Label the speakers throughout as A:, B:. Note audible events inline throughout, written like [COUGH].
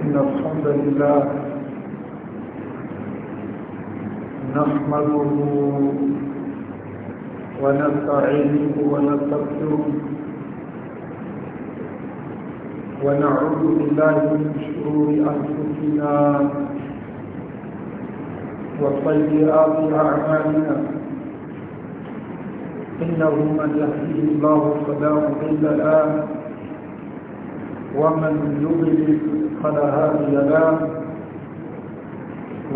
A: إن الحمد لله نحمده ونستعينه ونستغفره ونعوذ بالله من شرور أنفسنا وسيئات أعمالنا إنه من يهديه الله فلا مضل له ومن يضلل فلا هادي له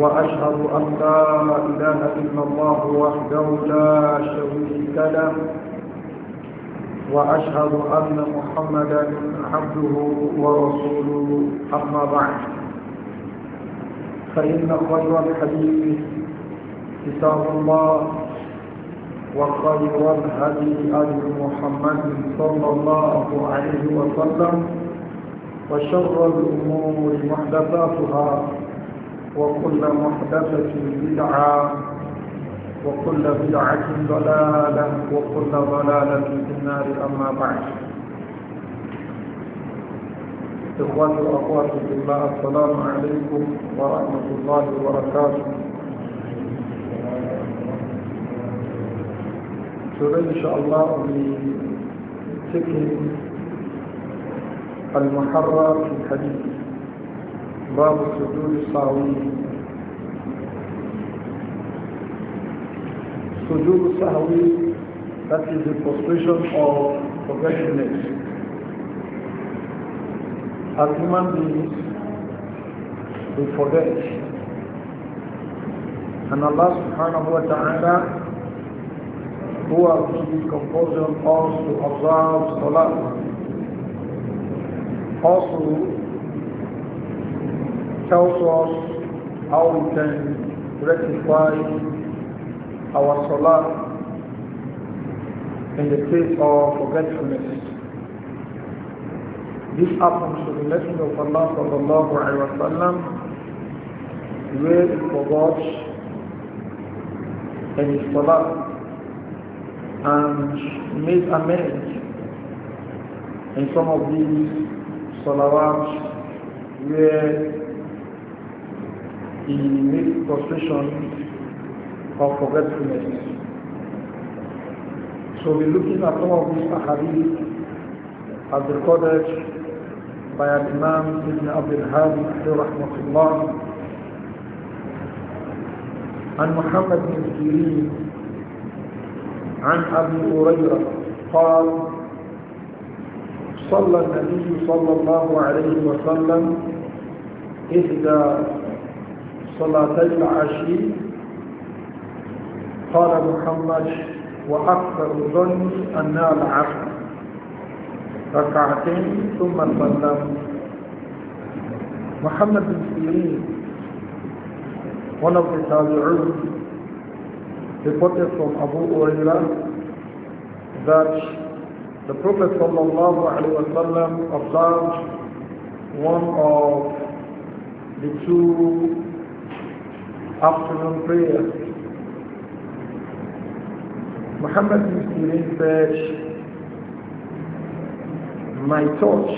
A: واشهد ان لا اله الا الله وحده لا شريك له واشهد ان محمدا عبده ورسوله اما بعد فان خير الحديث كتاب الله وخير الهدي هدي محمد صلى الله عليه وسلم وشر الأمور محدثاتها وكل محدثة بدعة وكل بدعة ضلالة وكل ضلالة في النار أما بعد إخواتي وأخواتي في الله السلام عليكم ورحمة الله وبركاته Today, inshallah, we be taking المحرر في الحديث باب سجود الصاوي سجود الصاوي that is the position of forgetfulness as human beings we forget and Allah subhanahu wa ta'ala who has given of us to observe salah also tells us how we can rectify our salah in the case of forgetfulness. This happens to the Messenger of Allah sallallahu alayhi wa sallam where he forgot in his salah and made amends in some of these salawat where he made frustration of forgetfulness. So we're looking at some of these ahadith as recorded by Imam Ibn Abdul Hadi rahmatullah عن محمد بن سيرين عن أبي هريرة قال صلى النبي صلى الله عليه وسلم إحدى صلاة العشي قال محمد وأكثر ظن أنها العقل ركعتين ثم سلم محمد بن سيرين one of the tabi'un reported from Abu that The Prophet ﷺ observed one of the two afternoon prayers. Muhammad bin said, My thoughts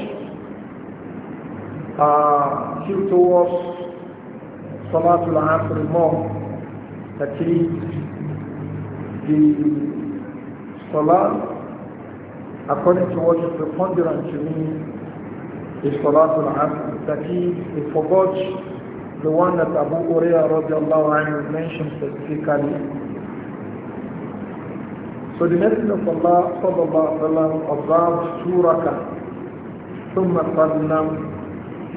A: are uh, due towards Salatul Asr more, that is the Salat according to what is preponderant to me, is Salatul Asr. that he he forgot the one that Abu Uriya radiallahu anhu mentioned specifically. So the Messenger of Allah sallallahu alayhi wa observed two rakah, ثم سلم,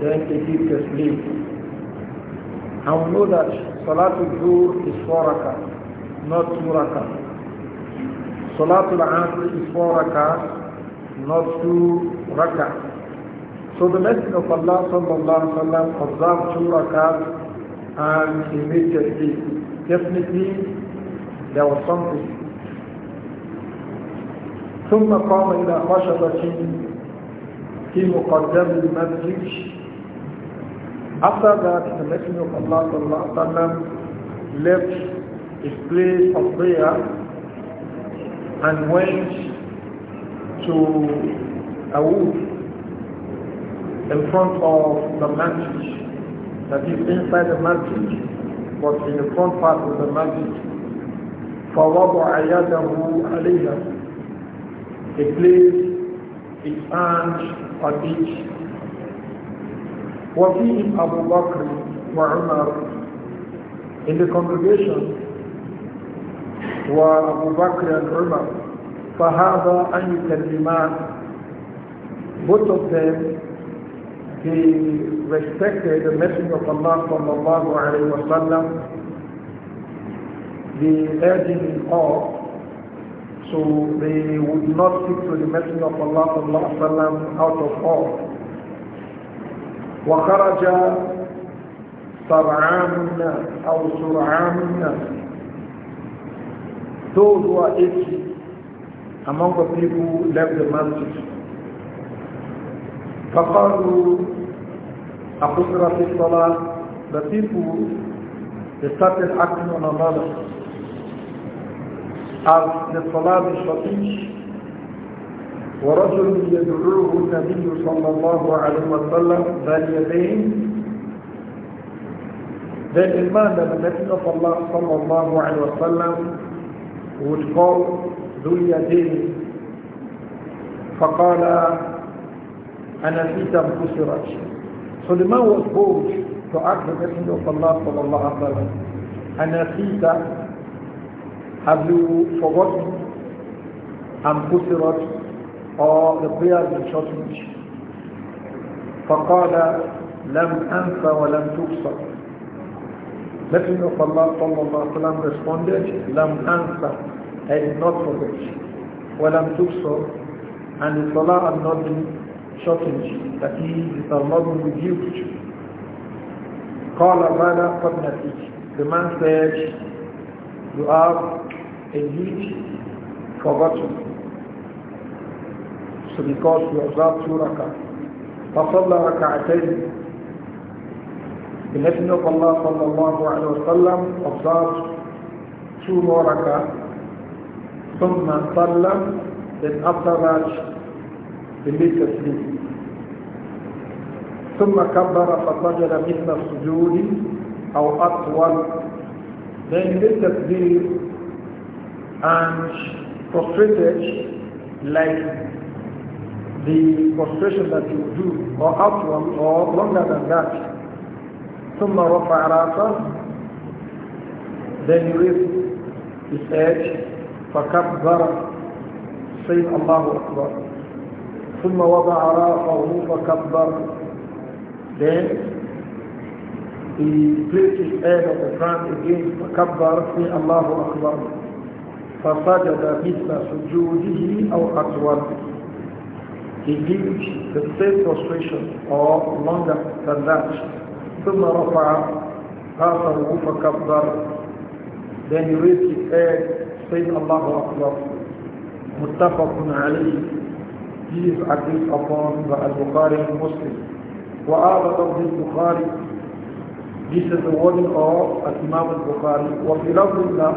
A: then he did the sleep. And we know that Salatul Dhuhr is four rakah, not two rakah. Salatul Asr is four rakah, not two rak'ah. So the Messenger of Allah sallallahu Wa wasallam observed two rak'ahs and immediately, Definitely there was something. ثم قام إلى خشبة في مقدم المسجد After that, the Messenger of Allah sallallahu Wa wasallam left his place of prayer and went to a wood in front of the masjid, that is inside the masjid, but in the front part of the masjid. فَوَضَعَ يَدَهُ عَلَيْهَا He placed his hand on each. وَفِيهِمْ أَبُو بَكْرِ وَعُمَرُ In the congregation were Abu Bakr and Umar Sahaba and Yukalliman, both of them, they respected the message of Allah sallallahu alayhi wa sallam, they urged him off, so they would not stick to the message of Allah sallallahu wa sallam out of awe. وخرج سرعان أو سرعان those who are among the people who left the masjid. فقالوا أقصر في الصلاة the people they started acting on another as the صلاة الشطيش ورجل يدعوه النبي صلى الله عليه وسلم بين يدين Then the man that the Messenger of Allah صلى الله عليه وسلم would call ذو اليدين فقال أنا So the man was bold to ask the Messenger of Allah sallallahu alaihi wasallam, "Ana fita, have you forgotten am kusirat or the prayer has been shortened?" فقال لم أنسى ولم تكسر. Messenger of Allah sallallahu alaihi wasallam responded, "لم أنسى I did not forget. وَلَمْ تُبْصَرْ And if Allah had not been shortened, He it has not been reduced. قَالَ بَلَا قَدْ نَسِيتِ The man said, you have a huge forgotten. So because you observed two rakah, فَصَلَّ رَكَعَتَيْنِ The Messenger of Allah sallallahu alayhi wa sallam observed two more rakah ثم صلى then after that he made ثم كبر فسجد مثل السجود أو أطول then he made and prostrated like the prostration that you do or outward or longer than that. ثم رفع رأسه then you raised his head فكبر سيد الله أكبر ثم وضع راسه فكبر then he placed his head on the ground again فكبر سيد الله أكبر فسجد مثل سجوده أو أطول He gives the same prostration or longer than that. ثم رفع راسه فكبر Then he raised his head saying Allah Akbar, muttafaqun alayhi. He is agreed upon by Al-Bukhari and Muslim. وَآبَ لَفْظِ الْبُخَارِ This is the wording of Imam al-Bukhari. وَفِي لَفْظِ اللَّهِ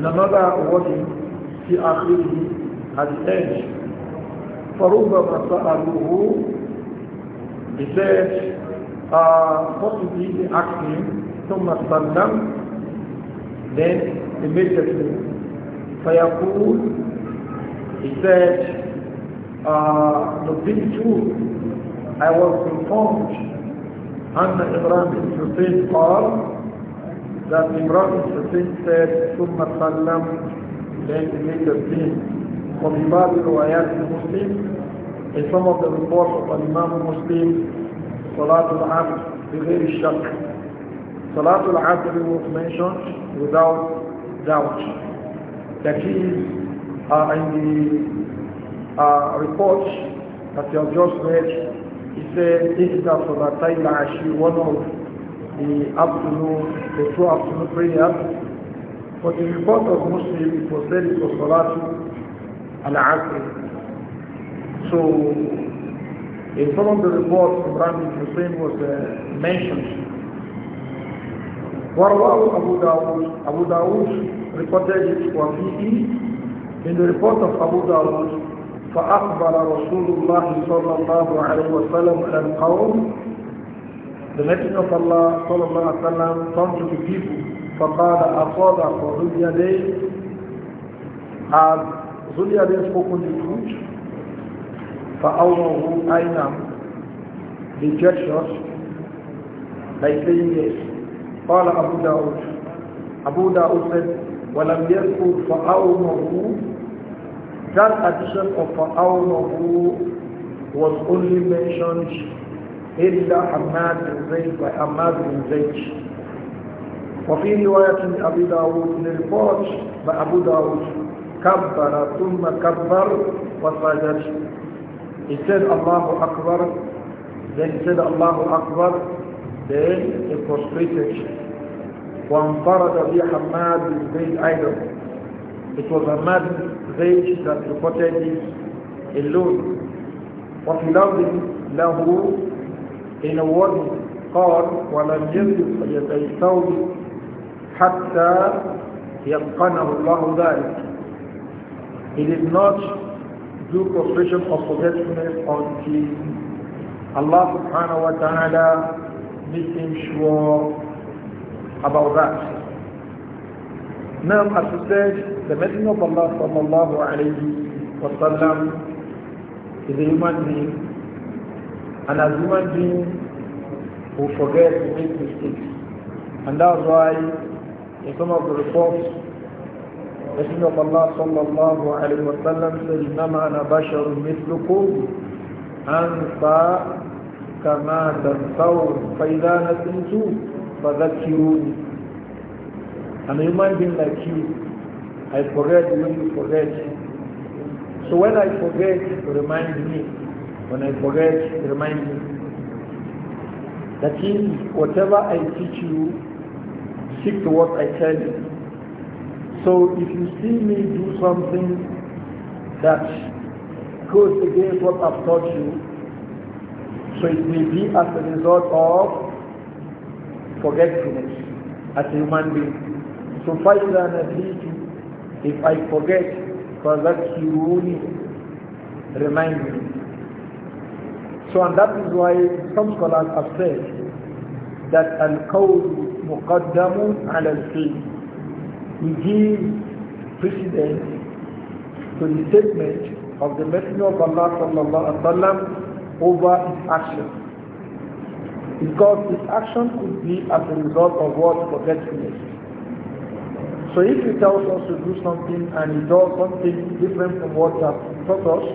A: In another wording, في آخره, at the end, فربما سألوه he said uh, possibly they asked him ثم سلم then immediately. فيقول, that uh, the big too, I was informed أن إبراهيم بن حسين قال that Imran بن حسين said ثم سلم then he made a thing. وفي بعض روايات المسلم in some of the reports of an Imam Muslim صلاة العبد بغير الشك صلاة العبد was mentioned without doubt. That is uh, in the uh, report that you have just read, it said this is after that time actually one of the afternoon, the two afternoon prayers. But the report of Muslim it was said it was Salatu al-Asr. So in some of the reports, Imran bin Hussein was uh, mentioned ورواه أبو داود أبو داود reported it وفيه in the report of Abu Dawud فأخبر رسول الله صلى الله عليه وسلم عن
B: القوم
A: The Messenger of Allah صلى الله عليه وسلم turned to the people فقال أصادق ذو اليدين Has ذو اليدين spoken the truth فأوره أين The judge us by saying yes قال ابو داود ابو داود said ولم يذكر فأونه that addition of فاومه was only mentioned إلا حماد بن زيد حماد بن زيد وفي رواية أبي داود للفوج بأبو داود كبر ثم كبر وسجد He said الله أكبر then he said الله أكبر then he prostrated وانفرد به حماد بن زيد أيضا It was a mad rage that reported this alone. وفي لفظ له in a word قال ولم يزد يدي ثوب حتى يتقنه الله ذلك. He did not do prostration of forgetfulness until Allah subhanahu wa ta'ala made him sure about that. Now, as we said, the Messenger of Allah sallallahu alayhi wa sallam is a human being, and as human being, we forget to make mistakes. And that's why, in some of the reports, Messenger of Allah sallallahu alayhi wa sallam said, إِنَّمَا أَنَا بَشَرٌ مِثْلُكُمْ أنسى كما تنسون فإذا نسيتم فذكروني I'm a human being like you. I forget when you forget. So when I forget, remind me. When I forget, remind me. That is, whatever I teach you, stick to what I tell you. So if you see me do something that goes against what I've taught you, so it may be as a result of forgetfulness as a human being. So فَإِذَا نَسِيتُ If I forget, for that only Remind me. So and that is why some scholars have said that al-qawl muqaddamun al-fi'l. We give precedence to the statement of the Messenger of Allah sallallahu alaihi wasallam over his action. Because his action could be as a result of what? Forgetfulness. So if he tells us to do something and he does something different from what he has taught us,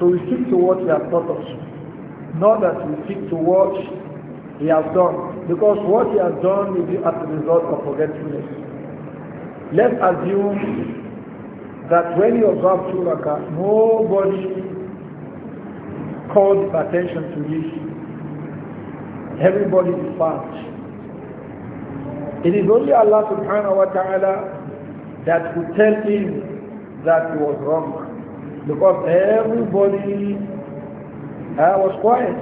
A: so we stick to what he has taught us. Not that we stick to what he has done. Because what he has done will be as a result of forgetfulness. Let's assume that when you observe two rakah, nobody called attention to this everybody is fast. It is only Allah subhanahu wa ta'ala that could tell him that he was wrong. Because everybody uh, was quiet.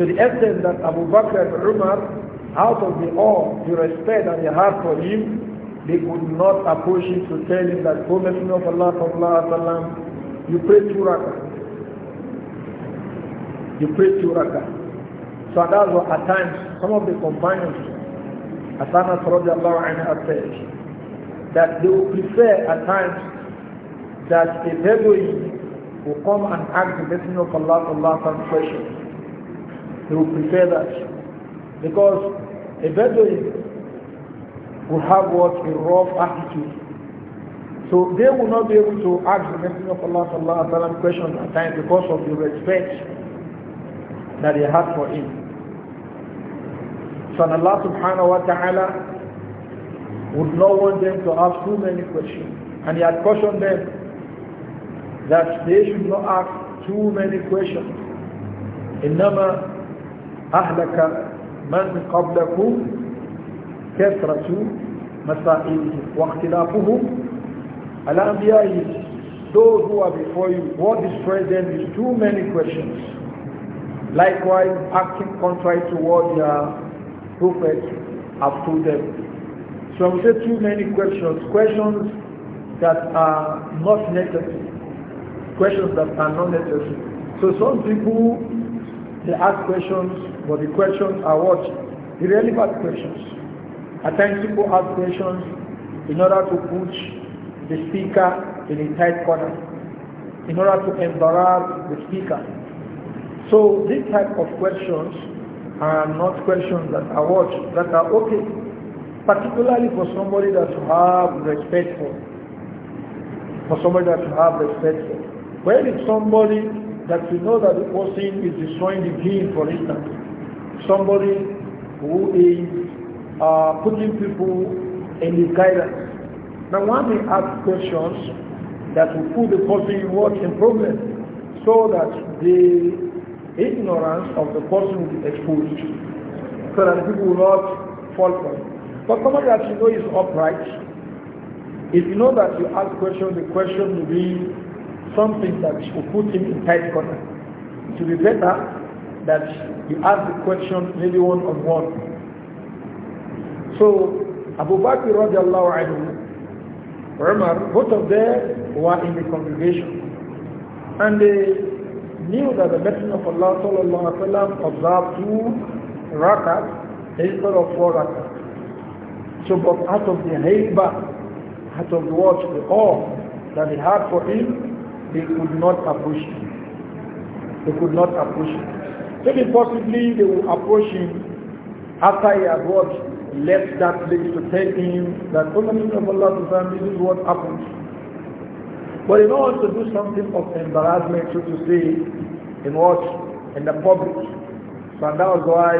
A: To the extent that Abu Bakr and Umar, out of the awe, the respect and the heart for him, they could not approach him to tell him that, O oh, Messenger of Allah sallallahu alaihi wasallam, you pray two rakah. You pray two rakah. So that's at times some of the companions, Asana radiallahu anhu said, that they will prefer at times that a Bedouin will come and ask the blessing of Allah Allah some questions. They will prefer that. Because a Bedouin will have what a rough attitude. So they will not be able to ask the blessing of Allah sallallahu alaihi wasallam questions at times because of the respect that they have for him. So Allah subhanahu wa ta'ala would not want them to ask too many questions. And He had cautioned them that they should not ask too many questions. إنما أهلك من قبلكم كثرة مسائلهم واختلافهم على أنبيائهم those who are before you, what destroys them is too many questions. Likewise, acting contrary to what Prophet have told them. So I will say too many questions, questions that are not necessary, questions that are not necessary. So some people, they ask questions, but the questions are what? Irrelevant questions. At times people ask questions in order to put the speaker in a tight corner, in order to embarrass the speaker. So these type of questions are not questions that are watched that are okay particularly for somebody that you have respect for for somebody that you have respect for Where is somebody that you know that the person is destroying the game for instance somebody who is uh, putting people in the guidance now one may ask questions that will put the person in what in problem so that the ignorance of the person who is exposed so that people will not fall for it. But somebody that you know is upright, if you know that you ask questions, the question will be something that will put him in tight corner. It will be better that you ask the question maybe one on one. So Abu Bakr radiallahu anhu, Umar, both of them were in the congregation. And they knew that the Messenger of Allah sallallahu alaihi wasallam observed two rakat instead of four rakat. So but out of the haiba, out of the watch, the awe that he had for him, they could not approach him. They could not approach him. Maybe possibly they will approach him after he had watched, left that place to tell him that, O oh, of Allah, this is what happened. But in order to do something of embarrassment, so to say, in what? In the public. So that was why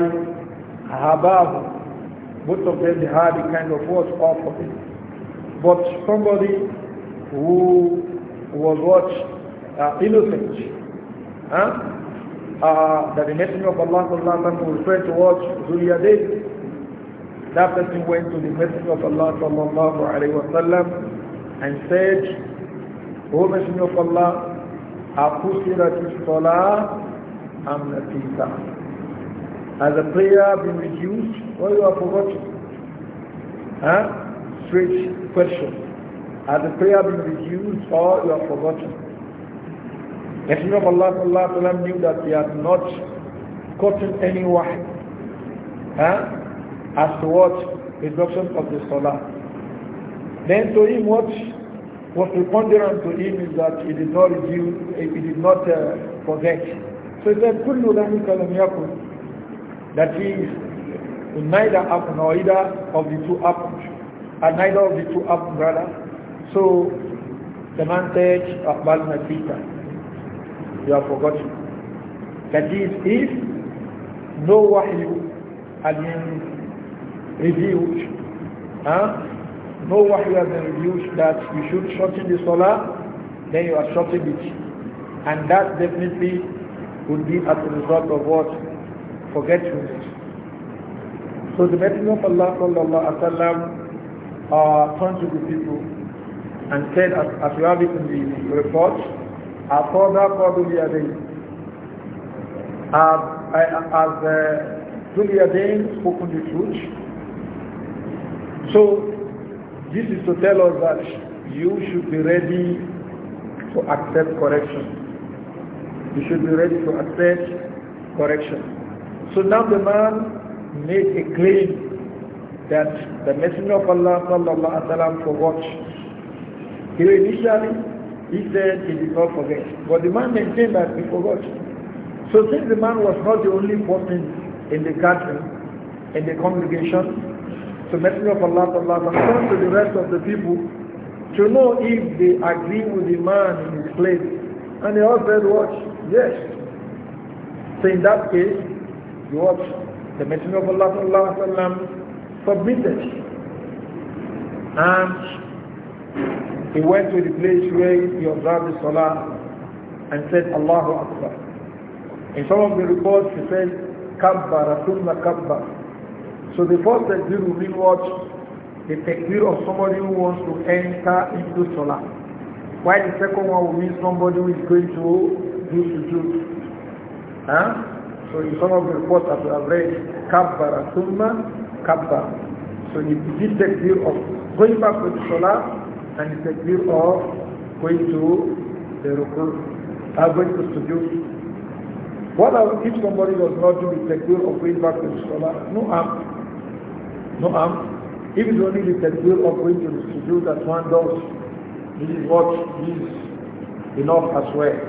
A: Habab, both of them, they had a kind of what it. But somebody who was what? Uh, innocent. Huh? Uh, that the Messenger of Allah will refer to what? Zuliyadeh. That person went to the Messenger of Allah sallallahu alayhi wa sallam and said, O Messenger of Allah, أقصرت الصلاة أم نسيتها Has the prayer been reduced or you have forgotten? Huh? Strange question. Has the prayer been reduced or you have forgotten? Messenger of Allah sallallahu alayhi wa knew that he had not gotten any wahi. Huh? As to what? Reduction of the salah. Then to him what? What preponderant to him is that he did not reduce, he did not uh, forget. So he said, كل ذلك That is, neither up nor either of the two up, And neither of the two up rather. So the man said, أقبل You have forgotten. That is, if no wahyu had been revealed, huh? no wahyu has been reduced that you should shorten the solar, then you are shortening it. And that definitely would be as a result of what? Forgetfulness. So the Messenger of Allah sallallahu alaihi wasallam uh, turned to the people and said, as, as you have it in the report, أَصَدَا قَدُ الْيَدَيْنِ As Julia uh, Dane spoken the truth? So this is to tell us that you should be ready to accept correction. You should be ready to accept correction. So now the man made a claim that the Messenger of Allah sallallahu alaihi wasallam forgot. He initially he said he did not forget, but the man maintained that he forgot. So since the man was not the only person in the gathering, in the congregation, to Messenger of Allah sallallahu alaihi to the rest of the people to know if they agree with the man in his place. And they all said, what? Yes. So in that case, you watch, the Messenger of Allah sallallahu submitted. And he went to the place where he observed the Salah and said, Allahu Akbar. In some of the reports, he said, Kabbar, Thumma Kabbar. So the first takbir will be what? The takbir of somebody who wants to enter into Salah. While the second one will be somebody who is going to do sujood. Huh? So in some of the reports that we have read, Kabbara Summa, Kabbara. So you the takbir of going back to the Salah and the takbir of going to the rukur, uh, going to sujood. What if somebody does not do the takbir of going back to the Salah? No harm. No harm. If it's only the will of wisdom to do that one does, this is what is enough as well.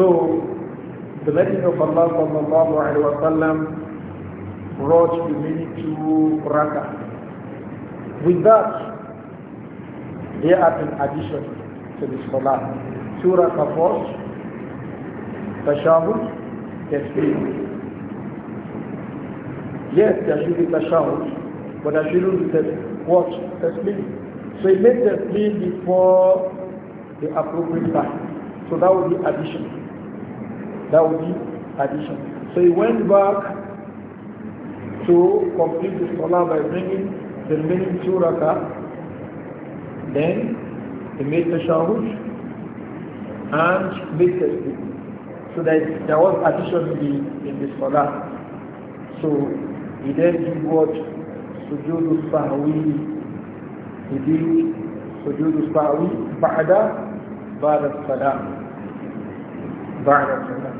A: So, the Messenger of Allah sallallahu alayhi wa sallam brought the meaning to Raqqa. With that, there are an addition to the Salah. Surah kafos, Tashahud, Tasbih. Yes, there should be tashahud, but there shouldn't be test, what? Taslim. So he made taslim before the appropriate time. So that would be addition. That would be addition. So he went back to complete the salah by bringing the remaining two rakah. Then he made tashahud and made taslim. So that there was addition in the, in the salah. So he then did what? Sujood sahwi. He did sujood sahwi ba'da ba'da salam. Ba'da salam.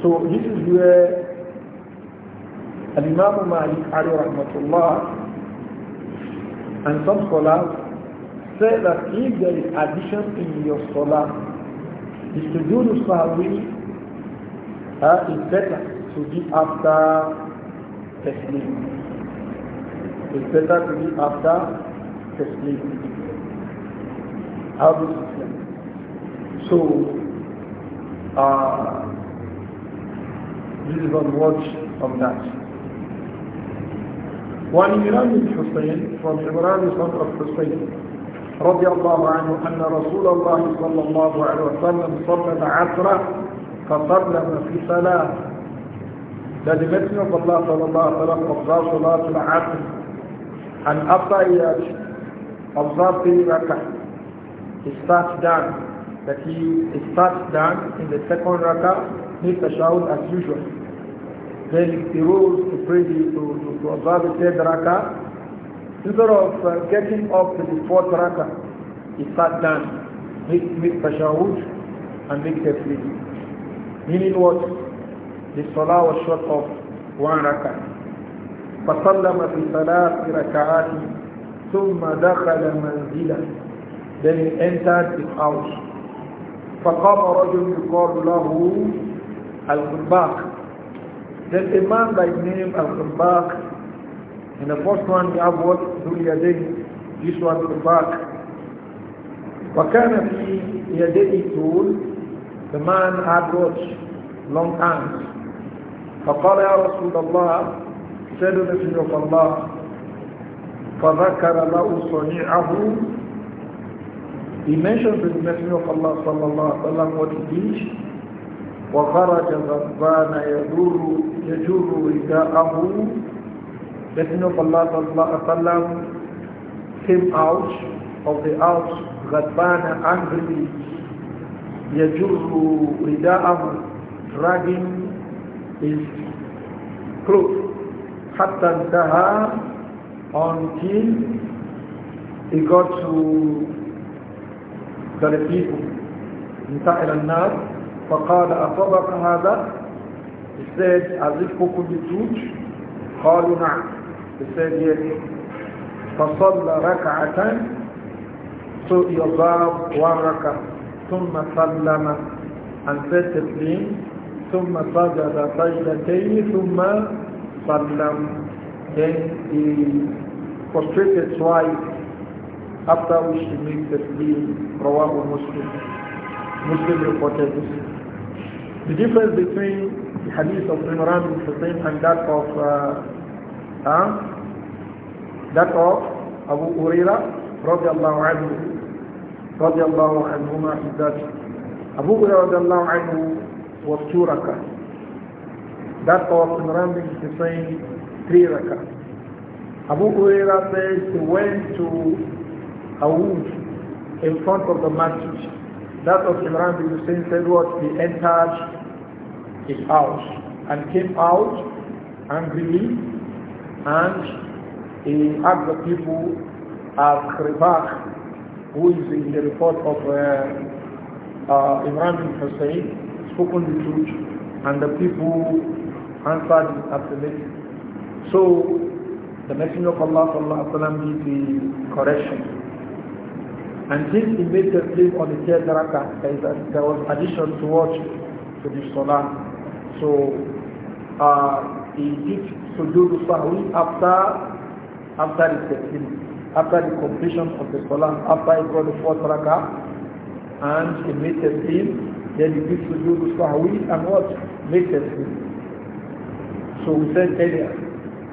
A: So this is where Al-Imam Malik alayhi rahmatullah and some scholars say that if there is addition in your salah, the sujood sahwi uh, is better to be after taslim. It's better to be after taslim. Abu Sufyan. So, uh, this is on watch of that. وعن إمران بن حسين from إمران son of Hussein رضي الله عنه أن رسول الله صلى الله عليه وسلم صلى العصر فسلم في ثلاث that the Messenger of Allah sallallahu observed Salat al-Asr and after he had observed three rakah, he starts down, that he, he starts down in the second rakah, makes a shout as usual. Then he rose to pray to, to, to observe the third rakah. Instead of uh, getting up to the fourth rakah, he sat down, makes make tashahud and makes a plea. Meaning what? the salah was فصلى في ثلاث ركعات ثم دخل منزله then he entered his house فقام رجل يقال له الخباك then a man by name al-Khubak in the first one we have what ذُلْيَدَيْهِ this one الخباك وكان في يديه طول the man had watched long arms فقال يا رسول الله سيدنا صلى الله فذكر له صنيعه يمشن سيدنا سيوف الله صلى الله عليه وسلم وتديش وخرج غضبان يدور يجر رداءه سيدنا صلى الله عليه وسلم came out of the house غضبان angry يجر رداءه dragging his clothes. حتى on until he got to the people. in إلى الناس فقال أصابك هذا He said, has it spoken the truth? قالوا نعم. He said, yes. فصلى ركعة So he observed one ركعة ثم سلم and said to him, ثم سجد سجدتين ثم سلم then he prostrated twice after which he made tasbih rawahu muslim muslim reported this the difference between the hadith of Imran bin Hussein and that of uh, huh? that of Abu Huraira radiallahu anhu radiallahu anhuma is that Abu Huraira radiallahu anhu was two rakah. That of Imran bin Hussein, three rakah. Abu Huraira says he went to a wood in front of the masjid. That of Imran bin Hussein said what? He entered his house and came out angrily and he asked the people of Ribak, who is in the report of uh, uh, Imran bin Hussein, spoken the truth and the people answered his affirmation. So the Messenger of Allah sallallahu alaihi wasallam did the correction. And this he made the slave on the third rakah. There was addition to watch to the salah. So uh, he did sujood sahwi after after the testimony after the completion of the salah, after he got the fourth rakah, and he made the team dedicate sujood sahwi and what? Make it So we said earlier,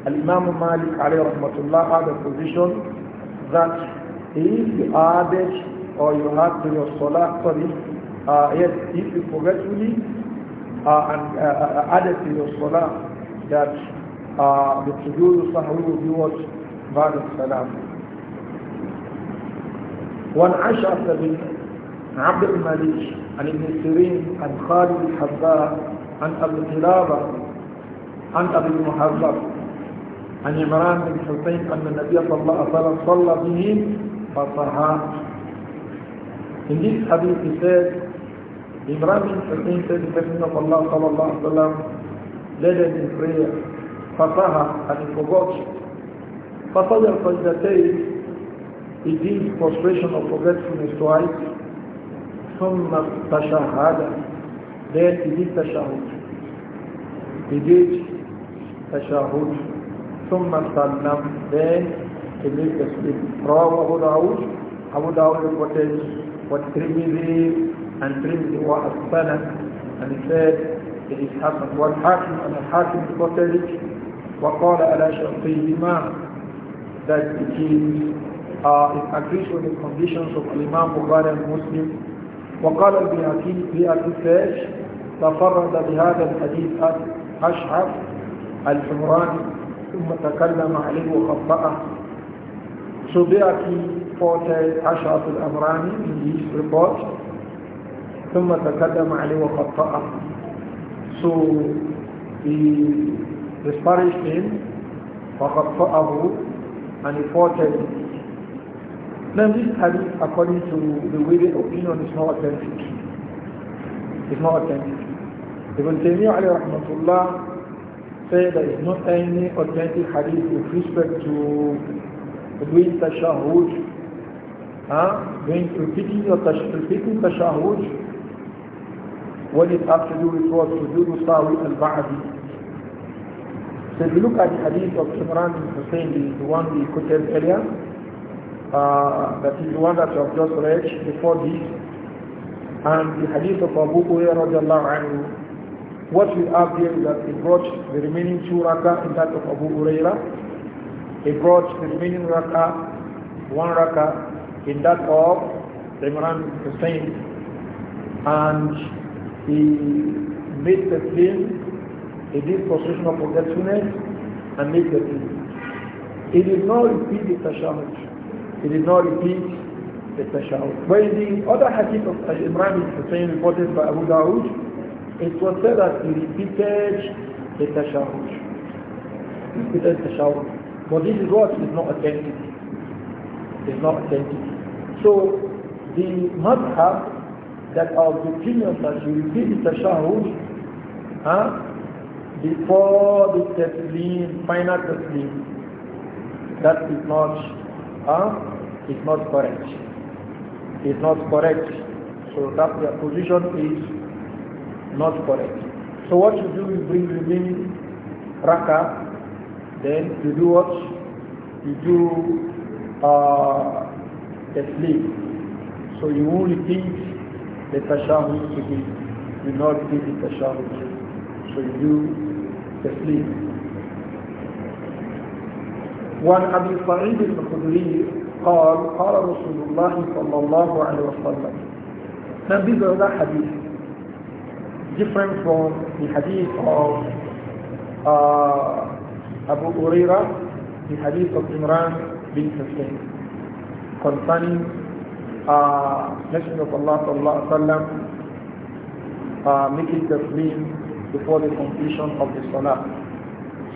A: Al-Imam Malik alayhi rahmatullah had a position that if you added or you had to your salah, sorry, uh, yes, if you forgetfully uh, and, uh, added to your salah that uh, the sujood sahwi will be what? بعد السلام وعن عشرة بن عبد الملك عن ابن سيرين عن خالد الحباء عن أبي قلابة عن أبي المحرر عن عمران بن حسين أن النبي صلى الله عليه وسلم صلى به فصحى In this hadith he said, Imran bin Hussein said the Messenger of Allah sallallahu alayhi wa sallam led us in prayer. Fataha and he forgot. Fatada al-Sajdatay, he did prostration of forgetfulness twice. ثم تشهد then he did tashahud he ثم سلم then he made the sleep داود أبو داود reported والترمذي and Tirmidhi وحسنه and he said it is والحاكم and الحاكم reported وقال على that it is uh, it agrees with the conditions of Imam Bukhari and Muslim وقال البيعتي بأكفاش تفرد بهذا الحديث أشعر الحمراني ثم تكلم عليه وخطأه So Beaki quoted Ashraf من amrani in ثم تكلم عليه وخطأه سو في disparaged فخطأه وخطأه and Now this hadith, according to the way they opinion, is not authentic. It's not authentic. Ibn Taymiyyah alayhi rahmatullah said there is not any authentic hadith with respect to doing tashahud, huh? doing repeating or tash, repeating tashahud when it has to do with what sujood sawi al-ba'di. So if you look at the hadith of Shimran bin the one we quoted earlier, uh, that is the one that you have just read before this, and the hadith of Abu Hurairah And What we have here is that he brought the remaining two raka in that of Abu Hurairah. He brought the remaining raka, one raka in that of Imran Hussein. And he made the claim. he did position of forgetfulness and made the claim. He did not repeat the tashahud. He did not repeat the tashahud. But in the other hadith of Imran bin Hussein reported by Abu Dawood, it was said that he repeated the tashahud. Repeated tashahud. But this is what is not authentic. It's not authentic. So the madhab that our opinion that you repeat the tashahud huh, before the taslim, final taslim, that is not huh, is not correct. Is not correct. So that the position is not correct. So what you do, you bring remaining raka, then you do what? You do uh, the sleep. So you will repeat the tashahud again. You not repeat the tashahud. So you do the sleep. وعن ابي سعيد الخدري قال قال رسول الله صلى الله عليه وسلم Now hadith different from the hadith of uh, Abu Uraira the hadith of Imran bin Hussein concerning uh, Messenger of Allah sallallahu alaihi wasallam uh, making taslim before the completion of the salah.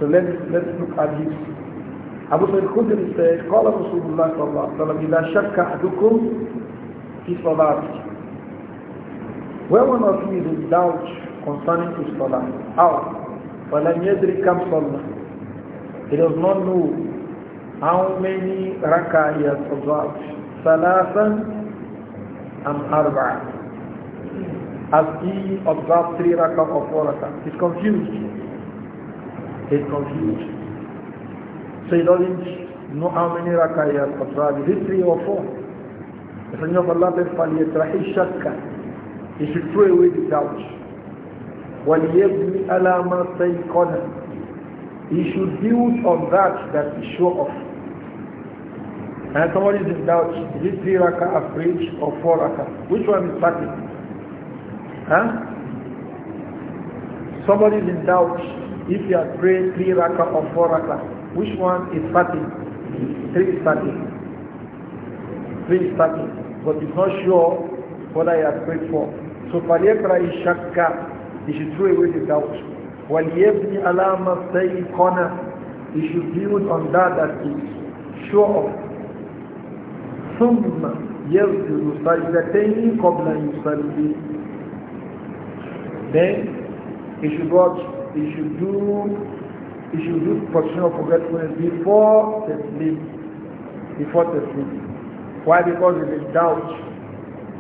A: So let's let's look at this Abu Sa'id Khudri said, Qala Rasulullah sallallahu alayhi wa sallam, إِذَا شَكَّ أَحْدُكُمْ فِي صَلَاتِ When one of you is in doubt concerning his salah, how? فَلَمْ يَدْرِ كَمْ صَلَّى He does not know how many rakah he has observed. ثَلَاثًا and أَرْبَعًا As he observed three rakah or four He He's confused. He's confused. So he know how many rakah he has observed. three or four? If Messenger of Allah said, فَلْيَتْرَحِ الشَّكَّ He should throw away the doubt. وَلْيَبْنِ عَلَى مَا سَيْقَنَ He should build on that that is sure of. And somebody is in doubt, is it three a bridge, or four rakah? Which one is starting? Huh? Somebody is in doubt if he has prayed three rakah or four rakah. Which one is fatty? Three is fatty. Three is fatty. But he's not sure what I have prayed for. So فَلْيَقْرَأِ الشَّكَّ He should throw away the doubt. وَلْيَبْنِ عَلَى مَسْتَيْقَنَ He should build on that that is sure of. ثُمَّ يَغْفِرُ سَجْدَتَيْنِ قَبْلَ يُصَلِّي Then he should watch, he should do you should do position of forgetfulness before the sleep. Before the sleep. Why? Because it is doubt.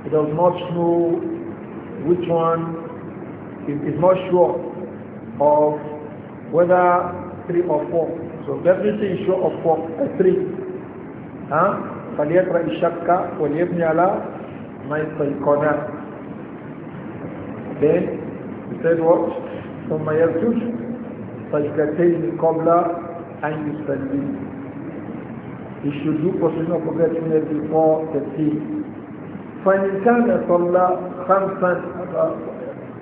A: It does not know which one it is not sure of whether three or four. So definitely is sure of four uh, three. Huh? فليقرأ الشك وليبني على ما يستيقنه. Then he said what? ثم يرجوش sajdatayni qabla an yusallim. He should do position of forgetfulness before the tea. فإن كان صلى خمسا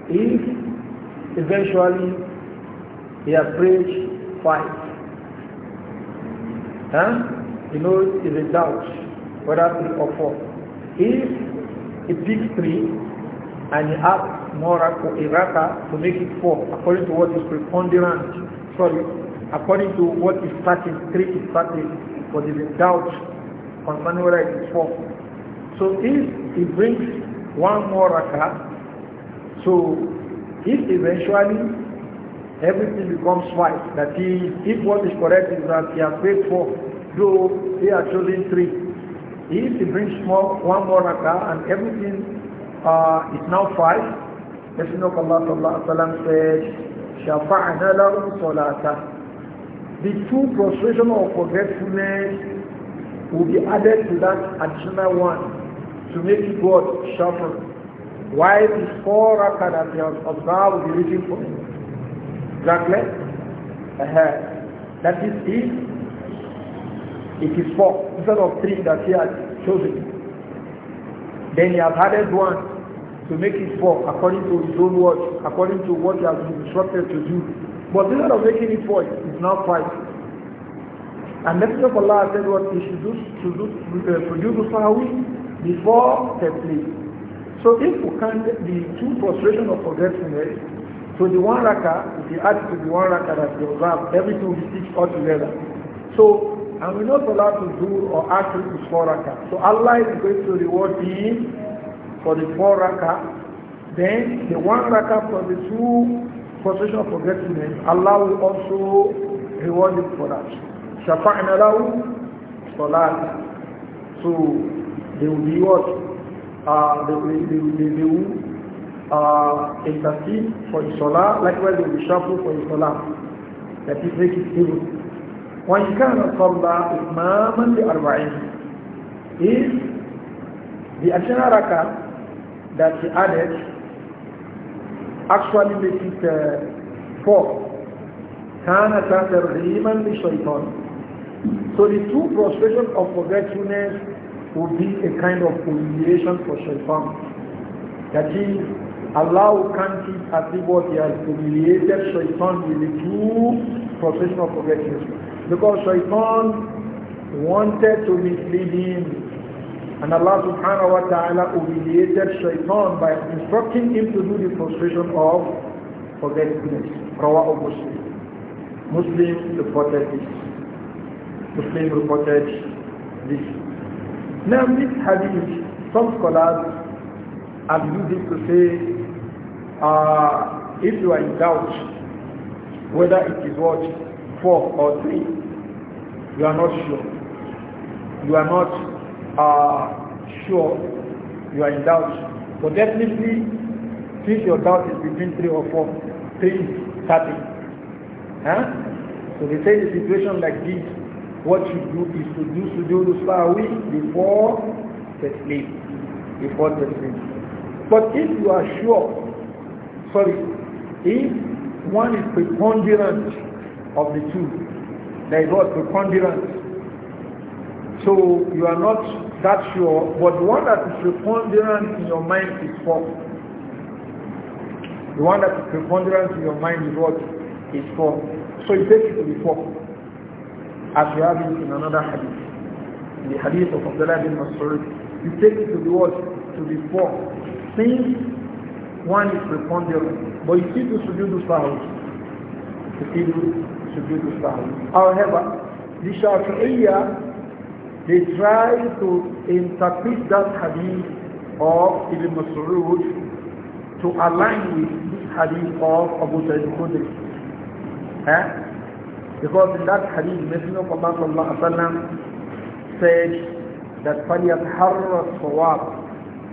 A: if eventually he has prayed five. Huh? You know, it is a doubt whether three or four. If he picks three and he asks more or Iraka to make it four, according to what is preponderant, sorry, according to what is starting, three is starting, for the doubt concerning whether it is four. So if he brings one more raka, so if eventually everything becomes that that is, if what is correct is that he has prayed four, though he has chosen three, if he brings more, one more raka and everything uh, is now five, Messenger of Allah sallallahu alayhi wa said, شَفَعْنَا لَهُمْ صَلَاتًا The two prostration of forgetfulness will be added to that additional one to make God suffer. Why the four rakah that he has observed will be written for him? Exactly. Uh-huh. That is it. It is four instead of three that he has chosen. Then he has added one to make it for according to his own words, according to what he has been instructed to do. But instead of making it for it's now fight. And Messenger of Allah said what he should do, to do, uh, produce Sahawi before the play. So if we can the two frustration of forgetfulness, so the one raka, if you add to the one raka that you observe, everything will be all together. So, and we're not allowed to do or ask for four raka. So Allah is going to reward him for the four raka', then the one raka' for the two position of forgetfulness, Allah will also reward it for that. Shafa'na lahu salat. So they will be what? Uh, they, will, they, will, they, will uh, intercede for the salah, likewise they will be for the salah. That is make it evil. وإن كان صلى the arba'in, if the additional rakah that he added actually makes it uh, four. كان ترغيما للشيطان so the true profession of forgetfulness would be a kind of humiliation for Shaitan. That is, Allah will count it as if what he has humiliated Shaitan with the true frustration of forgetfulness. Because Shaitan wanted to mislead him. And Allah subhanahu wa ta'ala humiliated shaitan by instructing him to do the prostration of forgetfulness. Rawah of Muslim. Muslim reported this. Muslim reported this. Now this hadith, some scholars have used it to say, uh, if you are in doubt whether it is what, four or three, you are not sure. You are not are sure you are in doubt. But definitely, since your doubt is between three or four, three thirty. Huh? So they say the situation like this, what you do is to do to sujood sawi before the sleep. Before the sleep. But if you are sure, sorry, if one is preponderant of the two, there is what preponderance so you are not that sure, but the one that is preponderant in your mind is false. The one that is preponderant in your mind is what? Is false. So you take it to be false. As we have it in another hadith. In the hadith of Abdullah bin Mas'ud, you take it to be what? To be false. Since one is preponderant, but you see to sujood sahwi. You see to sujood sahwi. However, the Shafi'iyah they try to interpret that hadith of Ibn Mas'ud to align with this hadith of Abu Sa'id Khudri. Eh? Because in that hadith, Messenger of Allah sallallahu alaihi wasallam said that فَلْيَتْحَرَّ الصَّوَابِ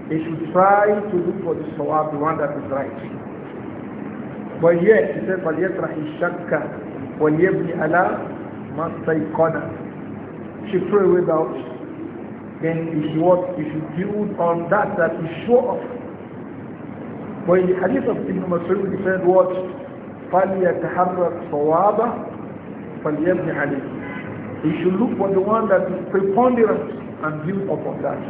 A: They should try to look for the sawab, the one that is right. But yet, he said فَلْيَتْرَحِ الشَّكَّ وَلْيَبْنِ عَلَى مَا اسْتَيْقَنَ should pray without, Then you what? You should build on that that you show up. But in the hadith of Ibn Masud, he said what? فَلْيَتَحَرَّ صَوَابَ فَلْيَبْنِ عَلِيهِ He should look for the one that is preponderant and build upon that.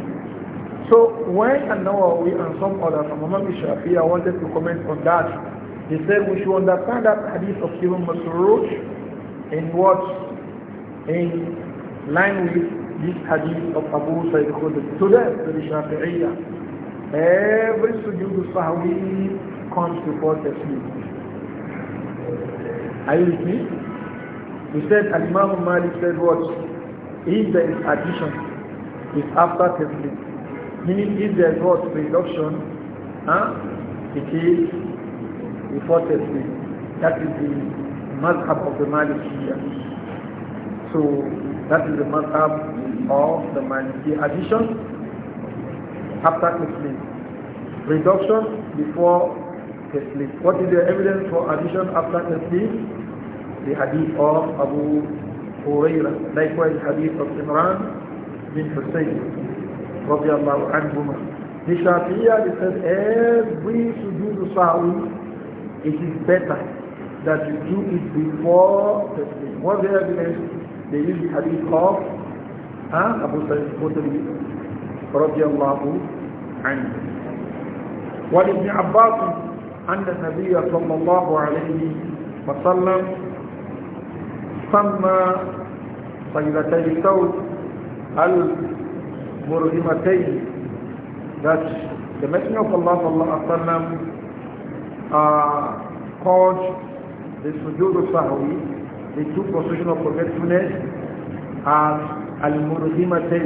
A: So when an we and some others, Imam Shafi'i wanted to comment on that, he said we should understand that hadith of Ibn Masrur in what? In line with this hadith of Abu Sayyid Khudr. To them, the Shafi'iyah, every sujood sahwi comes before taslim. Are you with me? he said Al-Imam Malik said what? If there is addition, it's after taslim. Meaning if there is what? Reduction, huh? it is before taslim. That is the madhab of the Malik here So that is the madhab of the Maliki. Addition after Taslim. Reduction before Taslim. What is the evidence for addition after Taslim? The hadith of Abu Huraira. Likewise, hadith of Imran bin Hussein. رضي الله عنهما the Shafi'iyah they said every the sahwi it is better that you do it before the sleep. What's the evidence? ليجي حديث خاص ها ابو سعيد الخدري رضي الله عنه ولابن عباس ان النبي صلى الله عليه وسلم سمى طيبتي الثوب المرغمتين ذات سمعتني صلى الله عليه وسلم قوج للسجود الصحوي The two professions of forgetfulness are al-murzimatay.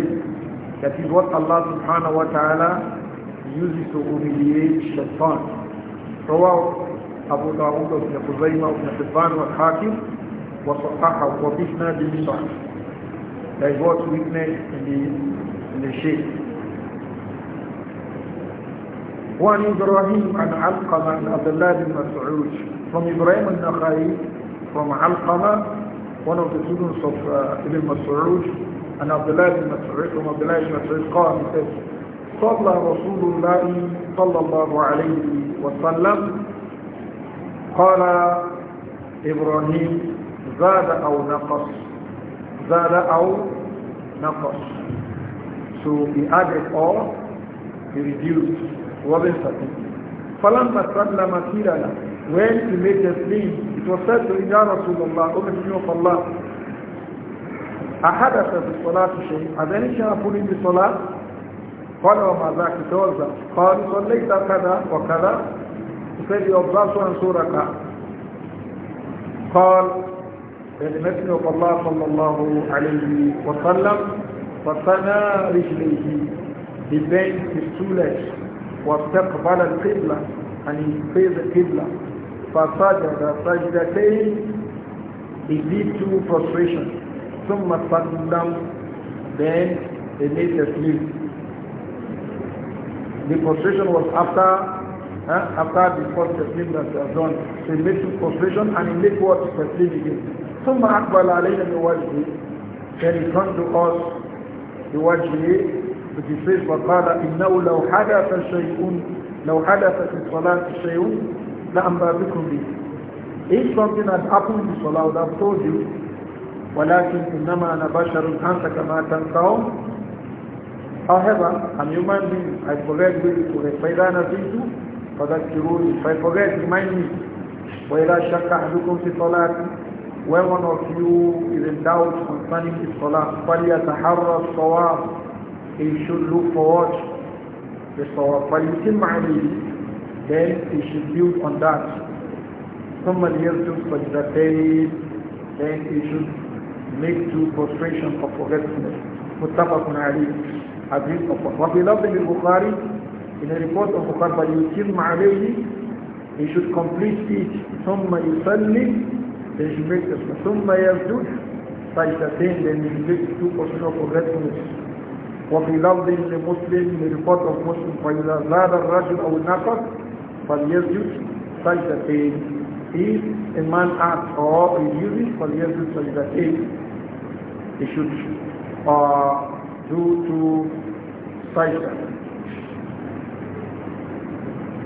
A: That is what Allah subhanahu wa ta'ala uses to humiliate shaitan. Rawahu Abu Dawud ibn Khuzaimah ibn Hibban wa Hakim wa Sahaha wa Bishna bin Sa'd. That is what witness in the, in the shape. وعن إبراهيم عن علقمة عن عبد الله بن مسعود from Ibrahim al-Nakhai ومعلقمة وانا one صف ابن مسعود انا uh, Ibn Mas'ud, عن عبد الله بن مسعود وعن عبد الله بن مسعود قال صلى رسول الله صلى الله عليه وسلم قال إبراهيم زاد أو نقص زاد أو نقص so he added or he reduced wasn't certain فلما سلم قيل when he made the plea, it was said to him, Ya Rasulullah, O Messenger of Allah, أحدث في الصلاة شيء has any shampoo in the salah قال وما ذاك توزع قال صليت كذا وكذا said you observe so and so ركع قال then the Messenger of Allah صلى الله عليه وسلم فثنى رجليه he bent his two واستقبل القبلة and he faced the Qibla فسجد سجدتين He did two prostrations. ثم سلم then they made the sleep. The prostration was after huh, after the first sleep that they have done. So he made two prostration and he made what the sleep again. ثم أقبل علينا بوجهه then he turned to us بوجهه with his face وقال إنه لو حدث شيء لو حدث في الصلاة شيء if something had happened to Salah, I would have told you, ولكن إنما أنا بشر أنت كما تنسون However, I'm human being. I forget really to فإذا نسيت فذكروني. If I forget, remind me. وإذا شك أحدكم في صلاتي when one of you is in doubt concerning his salah, فَلْيَتَحَرَّ الصَّوَابِ He should look for what? The صواب. فَلْيُتِمْ عَلَيْهِ then he should build on that. Somebody else took sajdatay, then he should make two prostration of forgetfulness. Muttafaqun alayh. Hadith of Wafi Lafzi bin Bukhari, in a report of Bukhari, but you kill he should complete it. ثم يصلي, then he should make the ثم يسجد, sajdatay, then he should make two prostration of forgetfulness. وفي لفظ لمسلم لرفاق مسلم فإذا زاد الرجل أو النفس فليسجد سجدتين If a man acts or refuses فليسجد سجدتين He should uh, do two sajdas.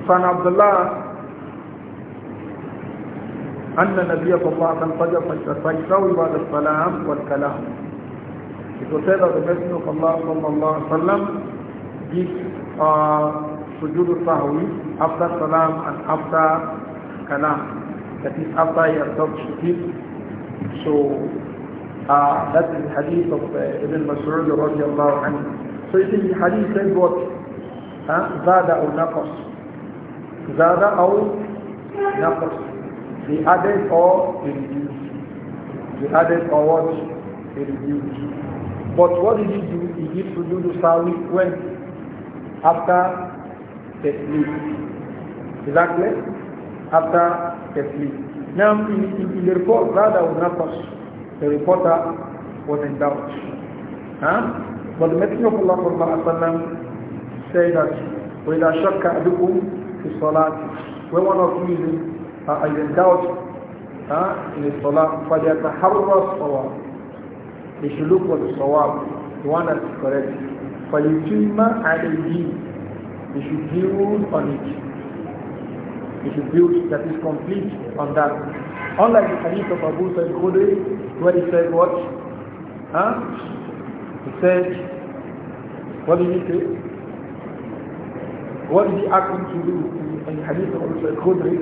A: فعن عبد الله أن النبي صلى الله عليه وسلم قد فجروا بعد السلام والكلام It was said that the Messenger of Allah صلى الله عليه وسلم gives uh, Sujud sahwi after salam and after kalam. That is after he has done So uh, that is hadith of uh, Ibn Mas'ud radiallahu anhu. So it is hadith says what? Zada or naqas. Zada or naqas. They added or he reduced. He added or what? He reduced. But what did he do? He did sujood sahwi when? After tasleep. After tasleep. Now, the report, rather was not The reporter was in doubt. But the of Allah وسلم, said that when Ashaka Adukum is Salat, when one of you is, in uh, doubt uh, in his Salat, فَلْيَتَحَرَّ الصَّوَابِ They should look for the Sawab, the one that is correct. فَلْيُتِمَّ عَلَيْهِ they should build on it. They should build that is complete on that. Unlike the hadith of Abu Sa'id Khudri, where he said what? Huh? He said, what did he say? What did he ask him to do in the hadith of Abu Sa'id Khudri?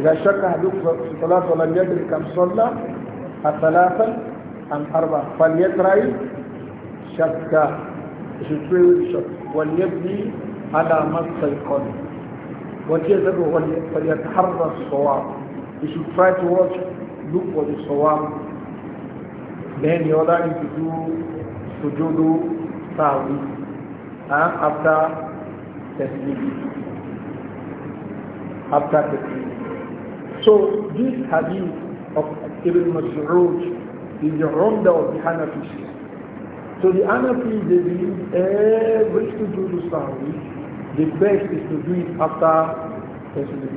A: إذا شك أحدكم في الصلاة ولم يدرك كم صلى الثلاثة أم أربعة فليترعي شك should pray with shock وليبني على ما استيقن فليتحرى الصواب You should try to watch, look for the صواب Then the other is to do sujudu sawi and after taslim. After taslim. So this hadith of Ibn Mas'ud is the Umda of the Hanafi Hanafis. So the is the belief every to do the Sawi, the best is to do it after Tasbih.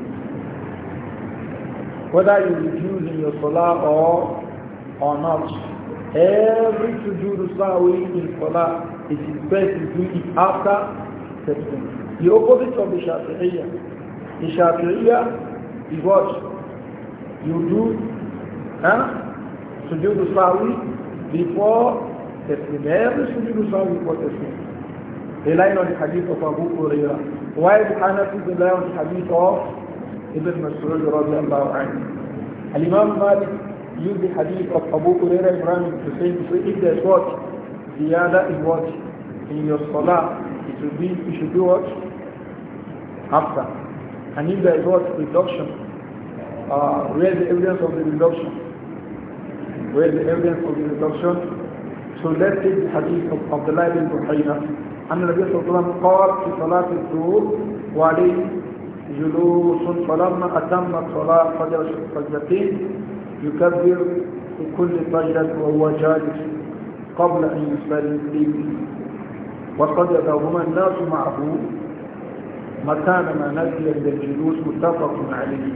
A: Whether you reduce in your Salah or, or not, every to do the Sawi in Salah, the best to do it after Tasbih. The opposite of the Shafi'iyah. The Shafi'iyah is what? You do, huh? To do the Sawi before Taslim. Every sujood sound before Taslim. Relying on the hadith of Abu Hurairah. Why the Hanafis rely on the hadith of Ibn Mas'ud radiallahu anhu? Al-Imam Malik used the hadith of Abu Hurairah Imran to say, if there's what? Ziyada is what? In your salah, it should be, you should do what? After. And if there is what? Reduction. Uh, where is the evidence of the reduction? Where is the evidence of the reduction? So حديث عبد الله بن of أن النبي صلى الله عليه وسلم قال في صلاة الظهور وعليه جلوس فلما أتم الصلاة فجر سجدتين يكبر في كل سجدة وهو جالس قبل أن يسلم وقد يدعوهما الناس معه مكان ما نزل من الجلوس متفق عليه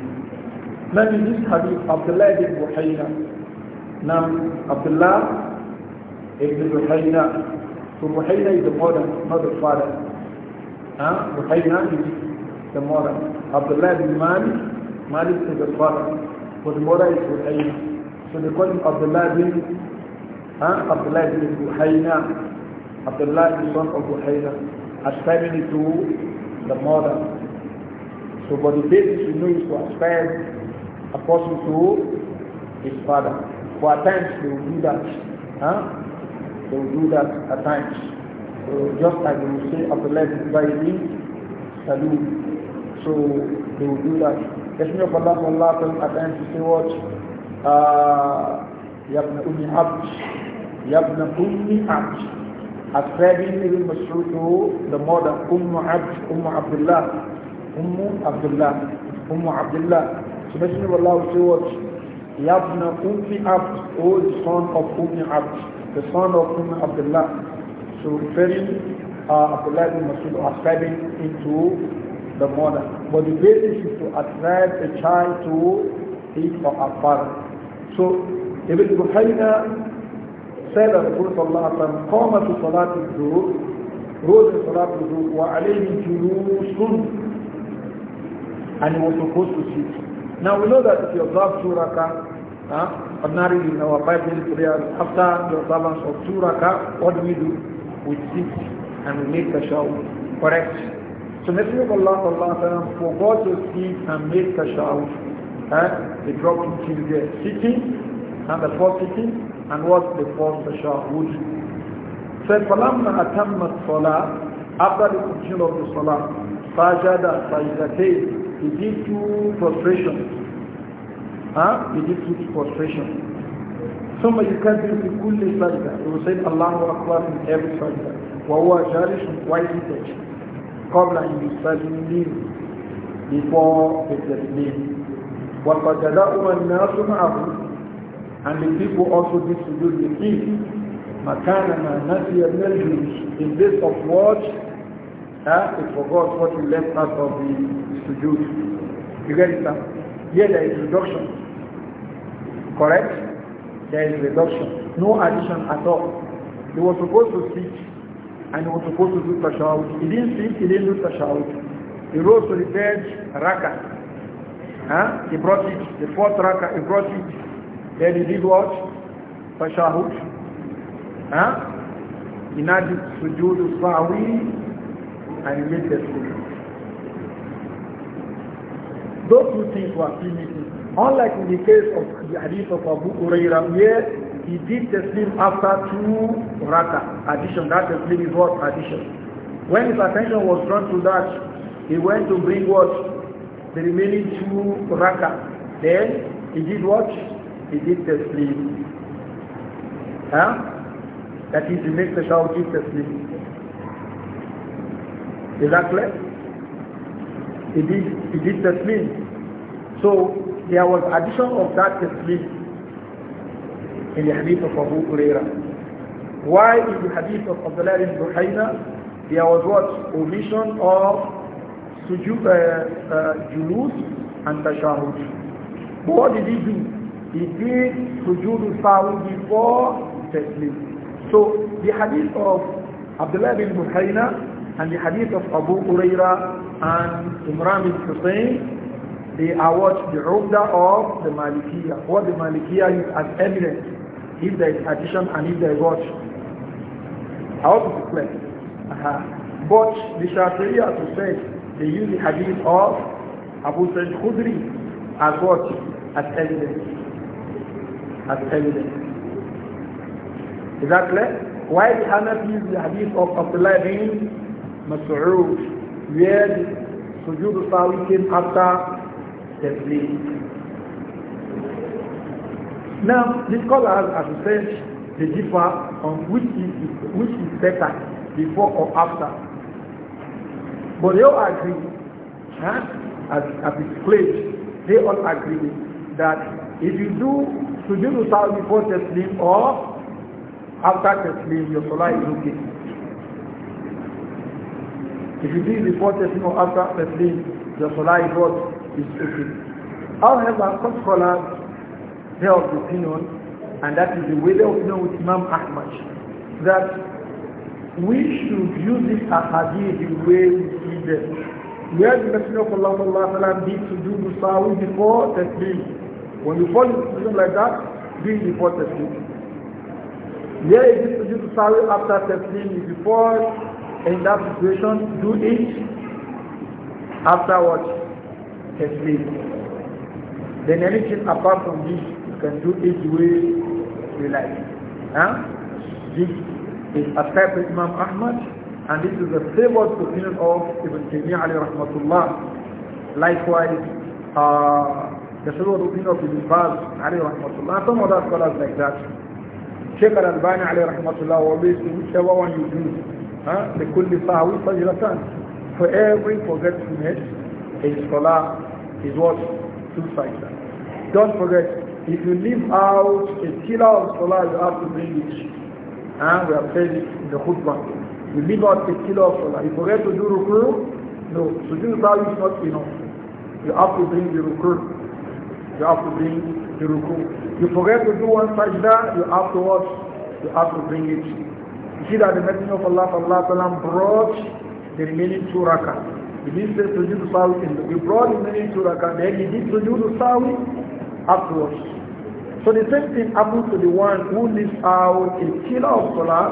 A: من يجلس حديث عبد الله بن بحيرة نعم عبد الله Ibn Buhayna. So Buhayna is the mother, not the father. Huh? Buhayna is the mother. Abdullah ibn Malik, Malik is the father. But the mother is Buhayna. So the call him Abdullah ibn, huh? Abdullah ibn Buhayna. Abdullah is son of Buhayna. Ascribing it to the mother. So for the basis we know is to ascribe according to his father. For at times they will do that. Huh? They will do that at times. So just like we say, Abdullah is by the Salud. So they will do that. Messenger of Allah sallallahu alayhi at times say what? Yabna Umi uh, Abd. Yabna Ummi Abd. Ascribing Ibn Masrud to the mother, Ummu Abd, Ummu Abdullah. Ummu Abdullah. Ummu Abdullah. So Messenger of Allah will say what? Yabna Umi Abd, old son of Umi Abd the son of Ibn Abdullah. So referring uh, Abdullah ibn Masud ascribing into the mother. But the basis is to ascribe a child to his or her father. So Ibn Buhayna said that Rasulullah sallallahu qama to salat al-dhuhr, rose in salat al-dhuhr, wa alayhi julusun. And he was supposed to sit. Now we know that if you observe two rakah, huh, ordinarily in our five minute after the balance of two what do we do? We sit and we make the shawl Correct. So Messenger of Allah for God to sit and make the shawl. Eh? They dropped until the sitting and the fourth sitting and what the fourth the would. So فَلَمَّا أَتَمَّ الصَّلَاة After the completion of the salah, فَجَدَ سَيْدَتَيْهِ He did two prostrations. Ah, you did with frustration. Somebody can do the kulli sajda. He will say Allahu Akbar in every sajda. Wa huwa jalish wa'idaj. Qabla in yusajjim before the taslim. Wa that an-nasu ma'ahu. And the people also did to do the thing. مكان ما نسي من in this of what uh, it forgot what we left out of the sujood. You get it now? Here the introduction. Correct? There is reduction. No addition at all. He was supposed to sit and he was supposed to do tashahud. He didn't sit, he didn't do tashahud. He rose to the third raka. Huh? He brought it. The fourth raka, he brought it. Then he did what? Tashahud.
B: Huh?
A: He now did sujood sahwi and he made the food. Those two things were still missing. Unlike in the case of the hadith of Abu Hurairah, where he did the sleep after two raka addition. That the sleep is what? Addition. When his attention was drawn to that, he went to bring what? The remaining two raka. Then he did what? He did the sleep. Huh? That is, the method how shout, did the sleep. Is that clear? He did, he did the sleep. So there was addition of that tasbih in the hadith of Abu Huraira. Why in the hadith of Abdullah ibn Buhayna there was what? Omission of sujud, uh, uh, julus and tashahud. But what did he do? He did sujud al before taslim. So the hadith of Abdullah ibn Buhayna and the hadith of Abu Huraira and Imran ibn Hussein they are what the ruler of the Malikiya. What the Malikiya is as evidence if there is addition and if there is what. I hope it's clear. Uh -huh. But the Shafi'i, as we said, they use the hadith of Abu Sayyid Khudri as what? As evidence. As evidence. Is that clear? Why the Hanafi use the hadith of Abdullah bin Mas'ud where the Sujood Sawi came after Tabligh. Now, the scholars, as we said, they differ on which is, which is better, before or after. But they all agree, huh? as, as explained, they all agree that if you do sujood salah before taslim or after taslim, your salah is okay. If you do before taslim or after taslim, your salah is what? is okay. However, some scholars held the opinion, and that is the way they opinion with Imam Ahmad, that we should use this ahadith the way we see them. Where the Messenger of Allah sallam, did to do musawi before tasbih. When you fall into something like that, be it before tasbih. Here it is to do musawi after tasbih. Before in that situation, do it afterwards. Then anything apart from this, you can do it the way you like. Huh? This is a type of Imam Ahmad, and this is the favored opinion of Ibn Taymiyyah Ali Rahmatullah. Likewise, uh, the favored opinion of Ibn Baz Ali Rahmatullah, some other scholars like that. Sheikh Al-Albani Ali Rahmatullah always say, whichever one you do, huh? لكل صاحب فجرتان. For every forgetfulness, a scholar is what? two Suicide. Don't forget, if you leave out a killer of salah, you have to bring it. And we have said it in the khutbah. You leave out a killer of salah. You forget to do ruku, no. Sujood so is not enough. You have to bring the ruku. You have to bring the ruku. You forget to do one sajda, you have to watch. You have to bring it. You see that the Messenger of Allah, Allah brought the remaining two rakah. He didn't sujood sawi in the, we brought him in two rakah, then he did sujood sawi afterwards. So the same thing happened to the one who leaves out a killer of salah,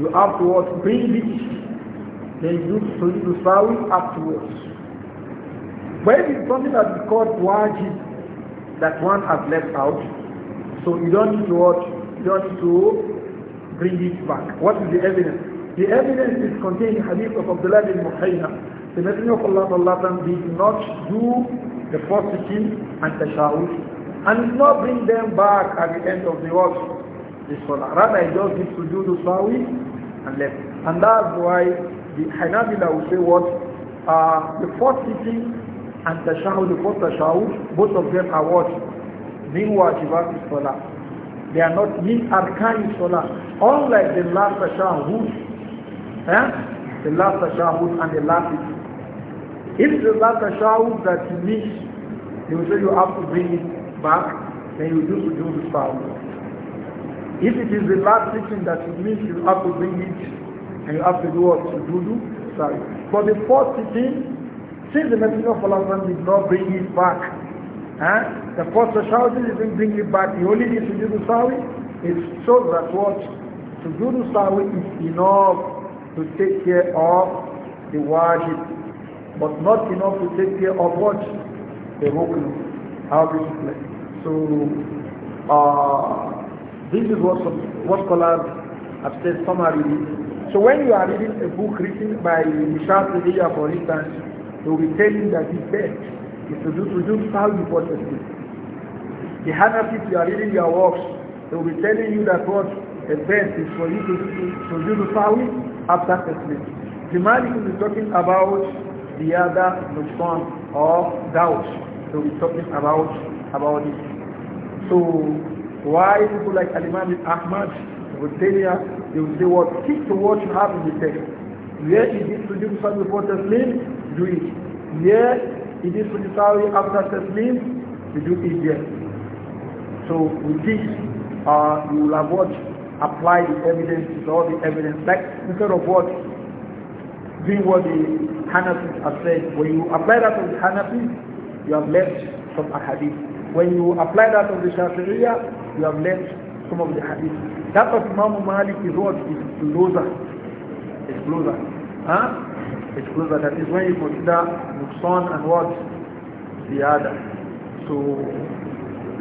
A: you afterwards bring it, then you do sujood sawi afterwards. But if it's something that is called wajib, that one has left out, so you don't need to watch, you don't need to bring it back. What is the evidence? The evidence is contained in hadith of Abdullah bin Muhayna the Messenger of Allah did not do the positive and the shahud and did not bring them back at the end of the watch. This salah. Rather, he just did to do the shahud and left. And that's why the Hanabila will say what? Uh, the fourth sitting and the shahud, the fourth tashahud, both of them are what? Min wajibat salah. They are not min arkani salah. Unlike the last tashahud, eh? the last tashahud and the last if the last tashahud that you miss, you will say you have to bring it back, then you do to do the sound. If it is the last thing that you miss, you have to bring it and you have to do what? To do, do sorry. But the fourth thing, since the Messenger of Allah did not bring it back, eh? the fourth tashahud didn't bring it back, the only thing to do the sawi is so that what? To do the sawi is enough to take care of the wajib but not enough to take care of what? The has our discipline. So uh, this is what, some, what scholars have said summary. So when you are reading a book written by Michel Sidiya, for instance, you will be telling that he said is to do to do sound before testing. The Hanafis you are reading your works, they will be telling you that what the best is for you to, to, to do the sound after testing. The Malik is talking about the other nusran, or doubt. So we're talking about, about this. So why people like al Ahmad would tell you, they would say what, stick to what you have in the text. Where it is to do some before Taslim, do it. Where is it to do something after Taslim, you do it there. So with this, uh, you will avoid apply the evidence, all the evidence, like instead of what doing what the Hanafis have said. When you apply that on the Hanafis, you have left some hadith. When you apply that on the Shafi'iyah, you have left some of the hadith. That of Imam Malik is what is closer. It's closer. Huh? It's closer. That is when you consider Nuqsan and what? other. So,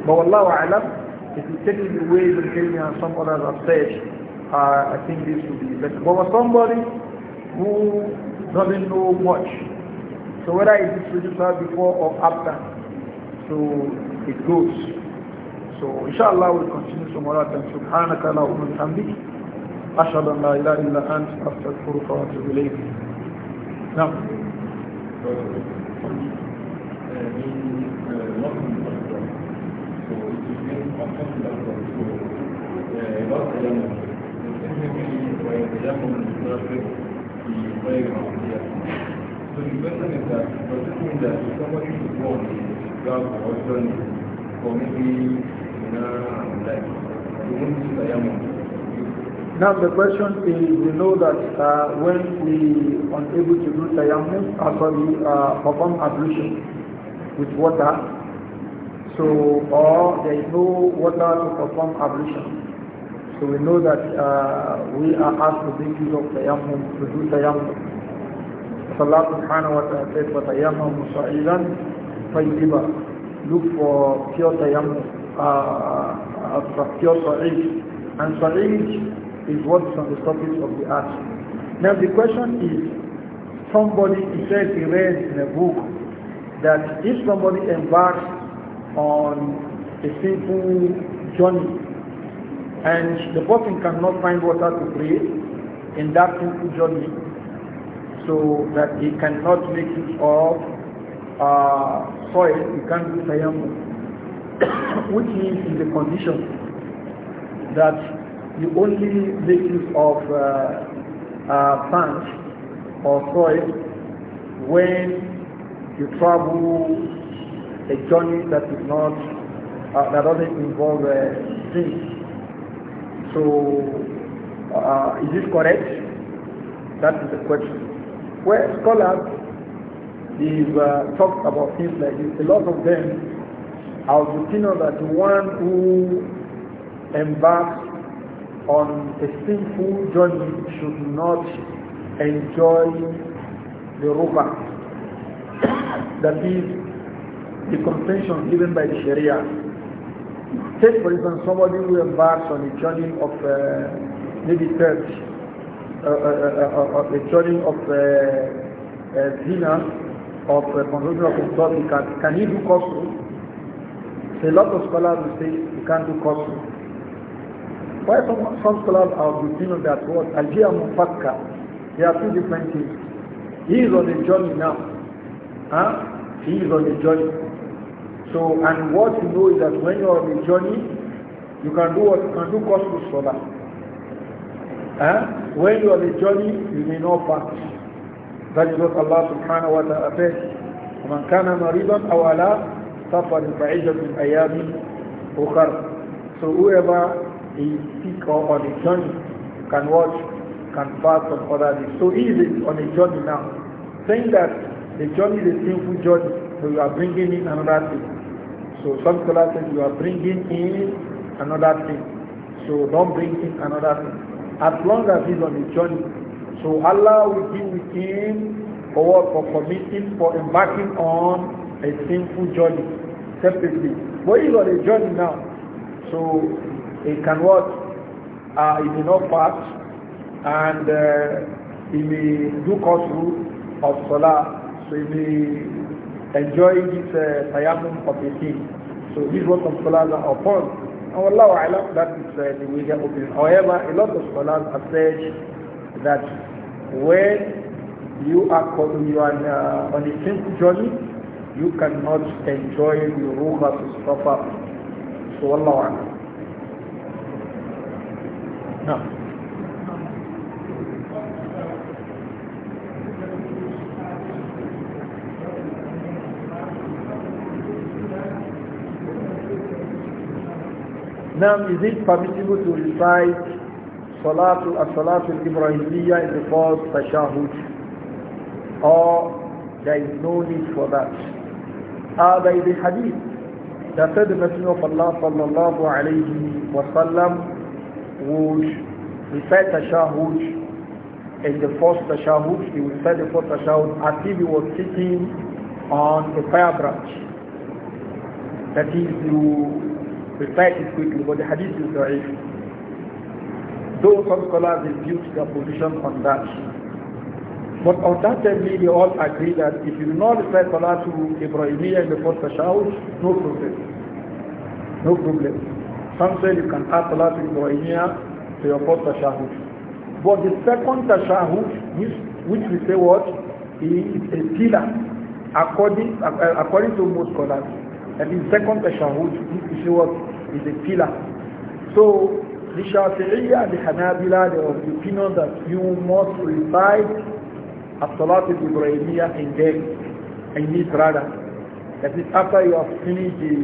A: but Allah A'lam, if you take it the way Ibn and some others have said, uh, I think this would be better. But somebody who doesn't know much. So whether it is registered before or after, so it goes. So inshallah we'll continue some more time. سبحانك اللهم وبحمدك أشهد أن لا إله إلا أنت أستغفرك وأتوب إليك. نعم.
B: So, so the question is that, does it mean that if somebody or for maybe
A: Now the question is, we know that uh, when we unable to do tayammum, uh, sorry, uh, perform ablution with water, so or there is no water to perform ablution. So we know that uh, we are asked to be use of tayammum, to do tayammum. As Allah subhanahu wa ta'ala said, وَتَيَمَّمُ صَعِيدًا طَيِّبًا Look for pure tayammum, uh, uh pure sa'id. And sa'id is what's on the surface of the earth. Now the question is, somebody, he said he read in a book that if somebody embarks on a simple journey and the person cannot find water to pray in that simple journey so that he cannot make it of uh, soil, he can't do [COUGHS] which means in the condition that you only make use of uh, uh, or soil when you travel a journey that is not, uh, that doesn't involve uh, things. So, uh, is it correct? That is the question. Where scholars, have uh, talked about things like this. A lot of them are of the opinion that one who embarks on a sinful journey should not enjoy the ruba. [COUGHS] that is the contention given by the Sharia Take for instance somebody who embarks on a journey of uh, maybe church, uh uh, uh, uh, uh, a journey of dinner uh, of uh, consumption of intoxicant, can, can he do costly? A lot of scholars will say he can't do costly. Why some, some scholars are of the opinion that word? Algeria Mufakka, there are two different things. He is on a journey now. Huh? He is on a journey. So, and what you know is that when you are on a journey, you can do what you can do costless for that. Huh? Eh? When you are on a journey, you may not pass. That is what Allah subhanahu wa ta'ala says. ومن كان مريضا أو على سفر فعيدة من أيام أخر. So whoever is sick or on a journey can watch, can fast on other days. So he is on a journey now, saying that the journey is a sinful journey, so you are bringing in another thing. So some scholars say you are bringing in another thing. So don't bring in another thing. As long as he's on the journey, so Allah will deal with him for for committing, for embarking on a sinful journey separately. But he's on a journey now, so he can what? Uh, he may not fast and uh, he may do cause of salah, so he may Enjoying this uh, tayammum of the sea. So this is what some scholars are upon. And Wallahu Alam, that is uh, the way their opinion. However, a lot of scholars have said that when you are, you are on, uh, on a simple journey, you cannot enjoy the ruha to suffer.
B: So Allah, Alam. Now.
A: Now, is it permissible to recite Salatul As-Salatul Ibrahimiyya in the first tashahud? Or there is no need for that? Ah, there is a hadith that said the Messenger of Allah sallallahu alayhi wa sallam would recite tashahud in the first tashahud, he would recite the first tashahud as if he was sitting on a fire branch. That is, you recite it quickly, but the hadith is da'if. Though some scholars dispute their position on that. But undoubtedly we all agree that if you do not recite Salah to Ibrahimiyya in the first tashahud, no problem. No problem. Some say you can add Salah to Ibrahimiyya to your first tashahud. But the second tashahud, which, which we say what? Is a pillar according, according to most scholars. And in second tashahud, this is what is a pillar. So the Shafi'iyya, the Hanabila, they are the opinion that you must recite the salat al-Ibrahimiyya in them, in this rather. That is after you have finished the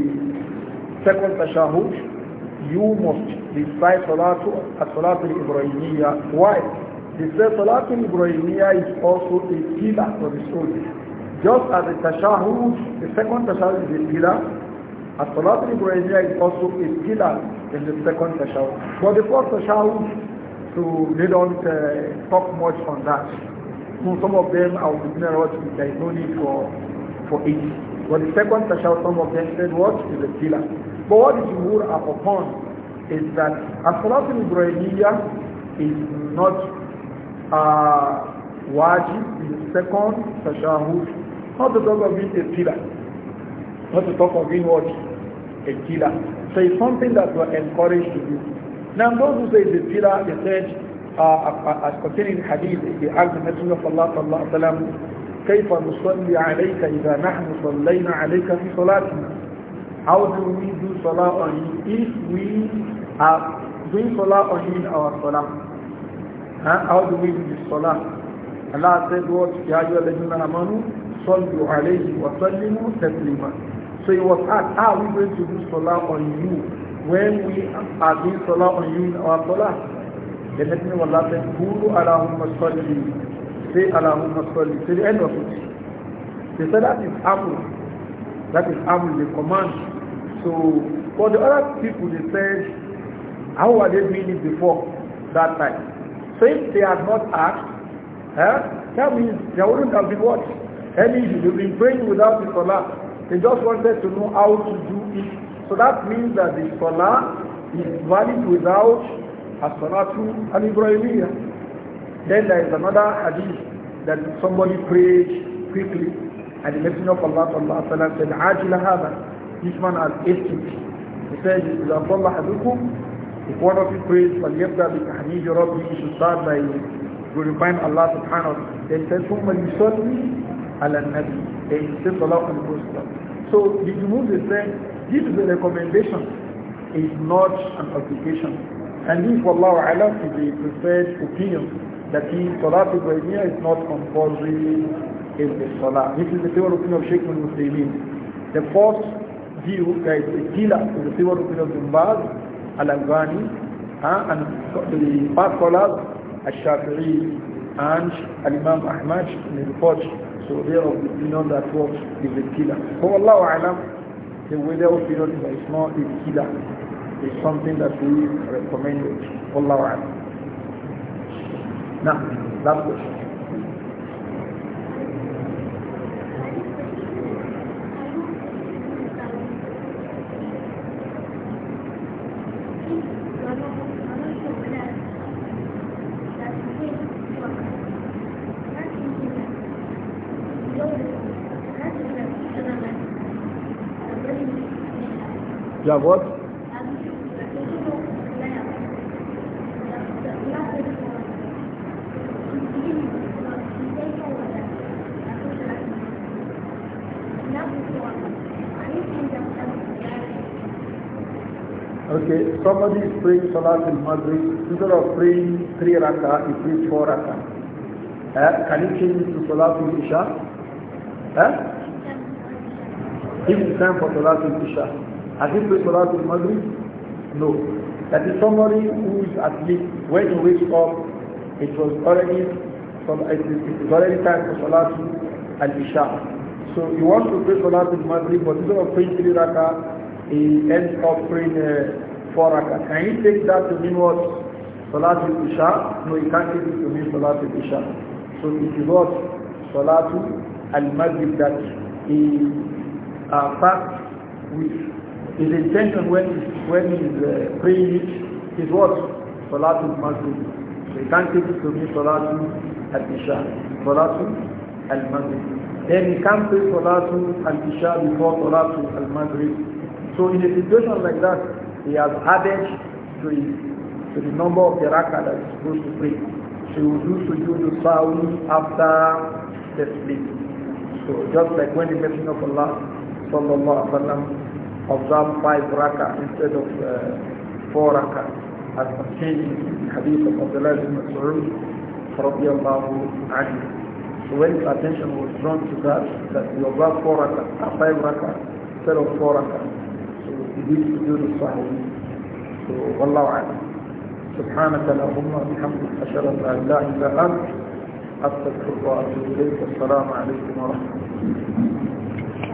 A: second tashahud, you must recite As-Salat al-Ibrahimiyya. Why? The Salat al-Ibrahimiyya is also a pillar for the soul. Just as the tashahud, the second tashahud is a pillar, as Salat al-Ibrahimiyya is also a pillar in the second tashahud. But the first tashahud, so they don't uh, talk much on that. So some of them are general, there is no need for, for it. But the second tashahud, some of them said what is a pillar. But what is more upon is that As-Salat al-Ibrahimiyya is not uh, wajib in the second tashahud, not the dog of a pillar. Not to talk of being A killer. So it's something that we're encouraged to do. Now those who say it's a killer, they said, uh, uh, uh, "As as containing hadith, they asked the Messenger of Allah sallallahu alayhi wa sallam, كيف نصلي عليك إذا نحن صلينا عليك في صلاتنا How do we do salah on you if we are doing salah on you in our salah? Huh? How do we do this salah? Allah said what? يا أيها الذين آمنوا صلوا عليه وسلموا تسليما So he was asked, how are we going to do salah on you when we are doing salah on you in our salah? The Messenger of Allah said, Guru Allahumma salli, say Allahumma salli, to the end of it. They said that is Amr. That is Amr, the command. So for the other people, they said, how were they doing it before that time? So if they had not asked, eh, that means there wouldn't have been what? Any They've been praying without the salah. They just wanted to know how to do it. So that means that the scholar is valid without As-Salatu al-Ibrahimiyya. Then there is another hadith that somebody prayed quickly and the Messenger of Allah Allah, alayhi wa said, Ajila hada, this man has eight it. He said, إِذَا صَلَّ حَدُكُمْ If one of you prays, فَلْيَبْدَى بِكَحْمِيدِ رَبِّهِ you should start by glorifying Allah subhanahu wa ta'ala. Then he said, ثُمَّ يُصَلِّ عَلَى Nabi." and you say Salah from the Prophet. So the Jumud is saying this is a recommendation, it's not an obligation. And if Allah Alam is the preferred opinion that the Salah to Ibrahimiyya is not compulsory in the Salah. This is the favorite opinion of Sheikh al-Muslimin. The fourth view that is a killer is the favorite opinion of Zimbaz, Al-Albani, uh, and the past scholars, Al-Shafi'i, and Al-Imam Ahmad, and the Fajr. So there are of the opinion that what is a killer. But Allah Alam, the way they opinion is not a killer. It's something that we recommend. Allah Alam. Now, last question. what? Okay, somebody is praying Salat in Maghrib. Instead of praying three rakah, he prays four rakah. Eh? Can you change it to Salat in Isha? Eh? Give it's time for Salat in Isha. Has he prayed Salat al-Maghrib? No. That is somebody who is at least when he wakes up, it was already it is, it is already time for Salat al-Isha. So he wants to pray Salat al-Maghrib, but instead of praying three raka, he ends up praying uh, four raka. Can he take that to mean what? Salat al-Isha? No, he can't take it to mean Salat al-Isha. So it is what? Salat al-Maghrib that he uh, fasts with his intention when, when he's uh, praying it is what? Salatul Maghrib. So he can't take it to be Salatul Al-Isha. Salatul Al-Maghrib. Then he can't pray Salatul Al-Isha before Salatul Al-Maghrib. So in a situation like that, he has added to, his, to the number of the rakah that he's supposed to pray. So he will do the sawi after the sleep. So just like when the Messenger of Allah sallallahu alaihi wasallam observe five rakah instead of uh, four rakah as contained in the hadith of Abdullah ibn Mas'ud radiallahu anhu. So when his attention was drawn to that, that you observe four rakah, uh, five rakah instead of four rakah. So he needs to do the sahih. So wallahu alam. سبحانك اللهم وبحمدك أشهد أن لا
B: إله إلا أنت أستغفرك وأتوب إليك والسلام عليكم ورحمة الله